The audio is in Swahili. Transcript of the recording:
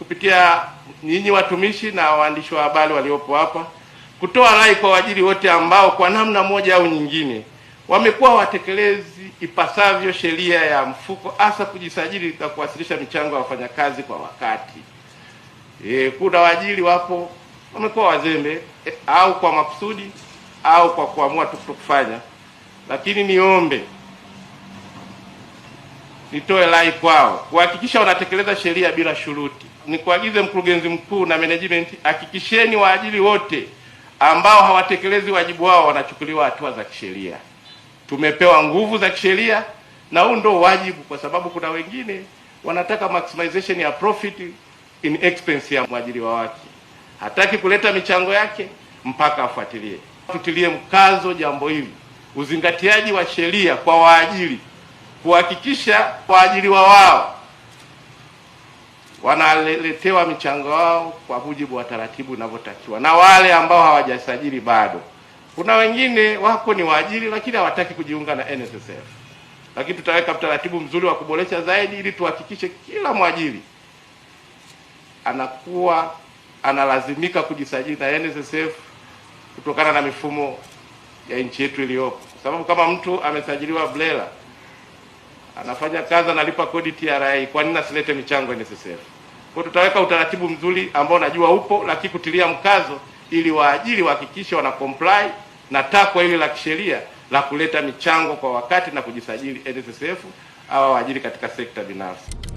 kupitia nyinyi watumishi na waandishi wa habari waliopo hapa kutoa rai kwa waajiri wote ambao kwa namna moja au nyingine wamekuwa watekelezi ipasavyo sheria ya mfuko, hasa kujisajili na kuwasilisha michango ya wafanyakazi kwa wakati. E, kuna waajiri wapo wamekuwa wazembe e, au kwa makusudi au kwa kuamua tu kutofanya, lakini niombe nitoe rai kwao kuhakikisha wanatekeleza sheria bila shuruti. Nikuagize mkurugenzi mkuu na management, hakikisheni waajiri wote ambao hawatekelezi wajibu wao wanachukuliwa hatua za kisheria. Tumepewa nguvu za kisheria na huu ndo wajibu, kwa sababu kuna wengine wanataka maximization ya profit in expense ya mwajiriwa wake, hataki kuleta michango yake mpaka afuatilie. Tutilie mkazo jambo hili, uzingatiaji wa sheria kwa waajiri kuhakikisha waajiriwa wao wanaletewa michango wao kwa mujibu wa taratibu inavyotakiwa, na wale ambao hawajasajili bado, kuna wengine wako ni waajiri lakini hawataki kujiunga na NSSF, lakini tutaweka utaratibu mzuri wa kuboresha zaidi, ili tuhakikishe kila mwajiri anakuwa analazimika kujisajili na NSSF kutokana na mifumo ya nchi yetu iliyopo, kwa sababu kama mtu amesajiliwa BRELA anafanya kazi, analipa kodi TRA, kwa nini asilete michango NSSF? Kwa tutaweka utaratibu mzuri ambao najua upo, lakini kutilia mkazo ili waajiri wahakikishe wana comply na takwa hili la kisheria la kuleta michango kwa wakati na kujisajili NSSF au waajiri katika sekta binafsi.